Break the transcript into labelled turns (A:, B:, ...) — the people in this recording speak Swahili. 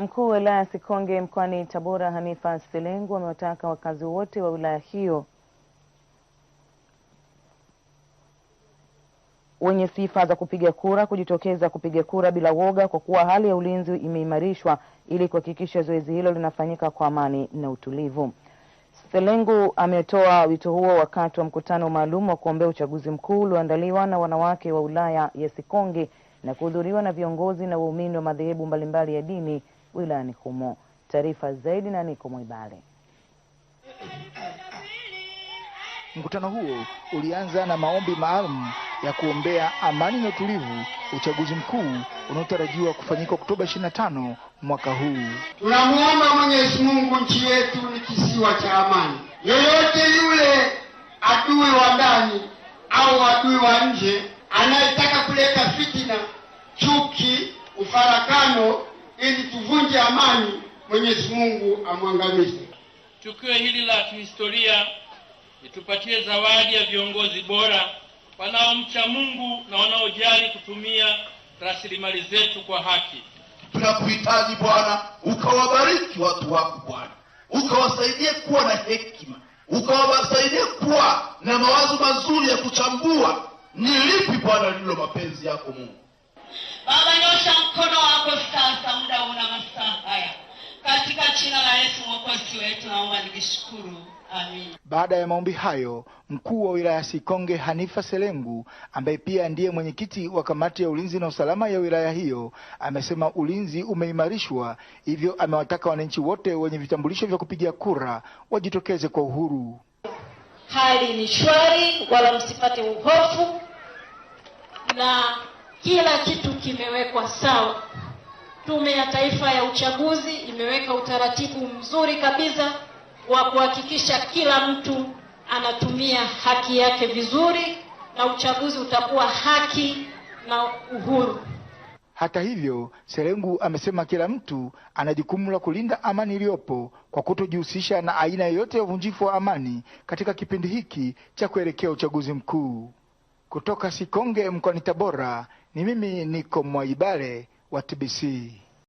A: Mkuu wa wilaya ya Sikonge mkoani Tabora, Hanifa selengu amewataka wakazi wote wa wilaya hiyo wenye sifa za kupiga kura kujitokeza kupiga kura bila woga kwa kuwa hali ya ulinzi imeimarishwa ili kuhakikisha zoezi hilo linafanyika kwa amani na utulivu. Selengu ametoa wito huo wakati wa mkutano maalum wa kuombea uchaguzi mkuu ulioandaliwa na wanawake wa wilaya ya Sikonge na kuhudhuriwa na viongozi na waumini wa madhehebu mbalimbali ya dini wilayani humo. Taarifa zaidi na Niko Mwibale.
B: Mkutano huo ulianza na maombi maalum ya kuombea amani na utulivu uchaguzi mkuu unaotarajiwa kufanyika Oktoba 25 mwaka huu.
C: Tunamwomba Mwenyezi Mungu, nchi yetu ni kisiwa cha amani. Yoyote yule adui wa ndani au adui wa nje anayetaka kuleta fitina, chuki, ufarakano ili tuvunje amani, Mwenyezi Mungu amwangamize.
D: Tukio hili la kihistoria litupatie zawadi ya viongozi bora wanaomcha Mungu na wanaojali kutumia rasilimali zetu kwa haki.
E: Tunakuhitaji Bwana, ukawabariki watu wako Bwana, ukawasaidie kuwa na hekima, ukawasaidie kuwa na mawazo mazuri ya kuchambua ni lipi Bwana lilo mapenzi yako Mungu.
F: Baba, nyosha mkono wako jina la Yesu mwokozi wetu, naomba nikishukuru.
B: Baada ya maombi hayo, mkuu wa wilaya Sikonge Hanifa Selengu, ambaye pia ndiye mwenyekiti wa kamati ya ulinzi na usalama ya wilaya hiyo, amesema ulinzi umeimarishwa, hivyo amewataka wananchi wote wenye vitambulisho vya kupiga kura wajitokeze kwa uhuru.
G: Hali ni shwari, wala msipate uhofu na kila kitu kimewekwa sawa. Tume ya Taifa ya Uchaguzi imeweka utaratibu mzuri kabisa wa kuhakikisha kila mtu anatumia haki yake vizuri na uchaguzi utakuwa haki na uhuru.
B: Hata hivyo, Serengu amesema kila mtu ana jukumu la kulinda amani iliyopo kwa kutojihusisha na aina yoyote ya uvunjifu wa amani katika kipindi hiki cha kuelekea uchaguzi mkuu. Kutoka Sikonge mkoani Tabora, ni mimi niko Mwaibale. be seen.